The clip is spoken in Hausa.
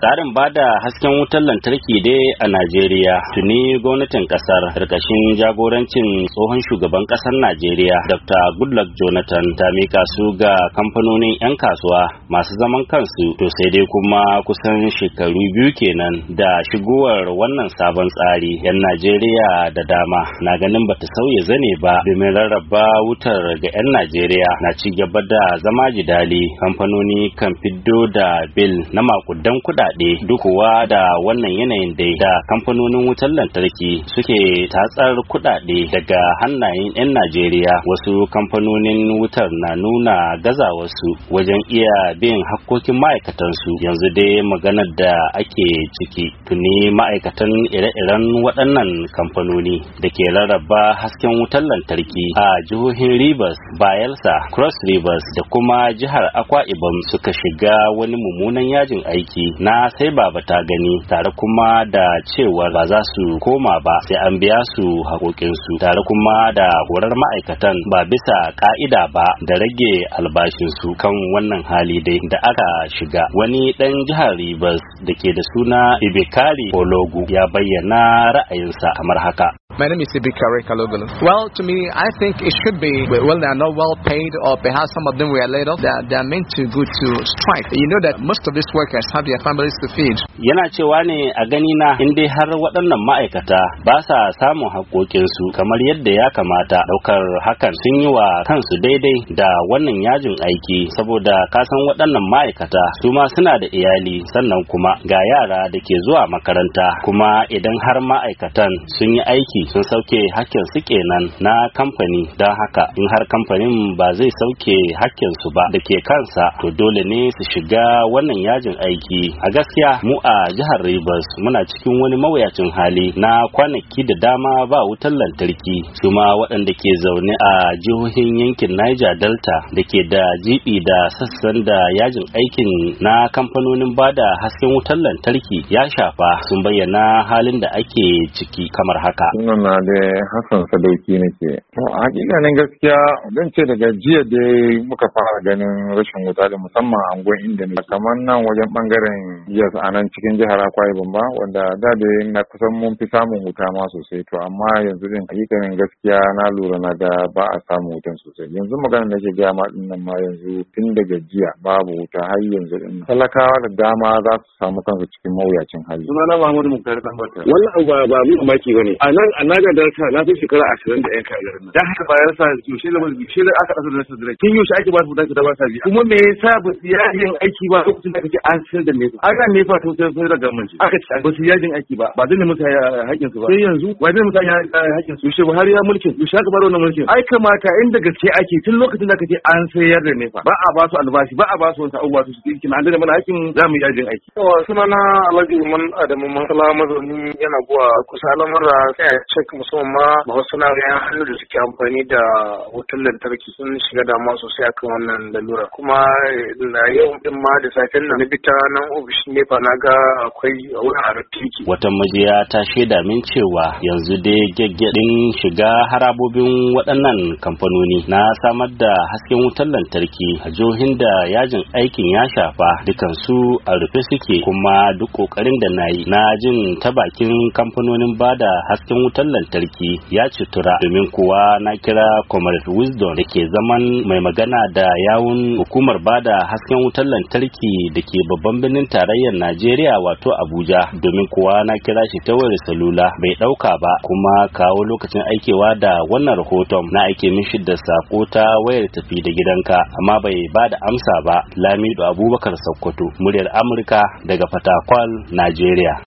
tsarin bada hasken wutar lantarki dai a Najeriya tuni gwamnatin kasar karkashin jagorancin tsohon shugaban kasar Najeriya Dr. Goodluck Jonathan ta mika su ga kamfanonin 'yan kasuwa masu zaman kansu to sai dai kuma kusan shekaru biyu kenan da shigowar wannan sabon tsari 'yan Najeriya da dama na ganin bata sauya zane ba domin rarraba wutar ga 'yan Najeriya na cigaba da zama jidali kamfanoni kan fiddo da bil na makudan kuɗa Duk dukuwa da wannan yanayin dai da kamfanonin wutar lantarki suke tatsar kuɗaɗe daga hannayen 'yan Najeriya wasu kamfanonin wutar na nuna gaza wasu wajen iya bin hakkokin ma'aikatansu yanzu dai maganar da ake ciki tuni ma'aikatan ire-iren waɗannan kamfanoni da ke rarraba hasken wutar lantarki a jihohin Rivers, Bayelsa, Cross Rivers da kuma jihar Akwa Ibom suka shiga wani mummunan yajin aiki na sai baba ta gani tare kuma da cewa ba za su koma ba sai an biya su haƙoƙinsu tare kuma da horar ma'aikatan ba bisa ka'ida ba da rage albashinsu kan wannan hali dai da aka shiga wani ɗan jihar Rivers da ke da suna Ibekari Ologu ya bayyana ra'ayinsa kamar haka. My name is Ibikare Kalogulu. Well, to me, I think it should be, well, they are not well paid, or perhaps some of them were laid off. They are, they are meant to go to strike. You know that most of these workers have their families to feed. Yana cewa ne a gani na in dai har waɗannan ma'aikata ba sa samun haƙoƙinsu kamar yadda ya kamata ɗaukar hakan sun yi wa kansu daidai da wannan yajin aiki saboda kasan waɗannan ma'aikata su ma suna da iyali sannan kuma ga yara da ke zuwa makaranta kuma idan har ma'aikatan sun yi aiki aiki sun sauke hakkin su kenan na kamfani don haka in har kamfanin ba zai sauke hakkin su ba da ke kansa to dole ne su shiga wannan yajin aiki a gaskiya mu a jihar Rivers muna cikin wani mawuyacin hali na kwanaki da dama ba wutar lantarki su ma waɗanda ke zaune a jihohin yankin Niger Delta da ke da jibi da sassan da yajin aikin na kamfanonin bada hasken wutar lantarki ya shafa sun bayyana halin da ake ciki kamar haka. na da Hassan Sadauki nake. To a hakikanin gaskiya zan ce daga jiya dai muka fara ganin rashin wuta da musamman a angon inda ne. Kamar nan wajen bangaren Yas a nan cikin jihar Akwai Bamba wanda da da na kusan mun fi samun wuta ma sosai to amma yanzu din hakikanin gaskiya na lura na ga ba a samun wutan sosai. Yanzu magana da ke gaya ma din nan ma yanzu tun daga jiya babu wuta har yanzu din. Talakawa da dama za su samu kansu cikin mawuyacin hali. Sunana Muhammadu Muktar Tambata. Wannan ba ba mu mamaki bane. A nan na ga a na fi shekara ashirin da yan kai garin nan. Dan haka ba ya sa yaushe da wani yaushe da aka asar da su Kin yaushe ake ba su dace ba sa biya. Kuma me yasa ba su yajin aiki ba lokacin da kake an sayar da nefa. An nefa to sai sai da gamanci. Aka ce ba su yajin aiki ba ba zai musu haƙƙin su ba. Sai yanzu wa zai musu haƙƙin su. Yaushe Buhari ya mulkin yaushe aka bar wannan mulkin. Ai kamata inda gaske ake tun lokacin da kake an sayar da nefa ba a ba su albashi ba a ba su wani abubuwa su suke kina da mana haƙƙin za mu yajin aiki. Yawa sunana Alhaji Umar Adamu Masala mazauni yana kusa cek musamman ma ba wasu na ga hannu da suke amfani da wutan lantarki sun shiga damuwa sosai akan wannan lalura kuma na yau din ma da safen nan na bita nan ofishin nefa na ga akwai wurin harattiki. Wata majiya ta shaida min cewa yanzu dai gyaggyaɗin shiga harabobin waɗannan kamfanoni na samar da hasken wutar lantarki a jihohin da yajin aikin ya shafa dukansu a rufe suke kuma duk ƙoƙarin da na yi na jin ta bakin kamfanonin ba da hasken wutar wutar lantarki ya tura domin kuwa na kira comrade wisdom da ke zaman mai magana da yawun hukumar bada hasken wutar lantarki da ke babban birnin tarayyar najeriya wato abuja domin kuwa na kira shi ta wayar salula bai dauka ba kuma kawo lokacin aikewa da wannan rahoton na aike mishi da sako ta wayar tafi da gidanka amma bai ba da amsa ba lamido abubakar sokoto muryar amurka daga fatakwal najeriya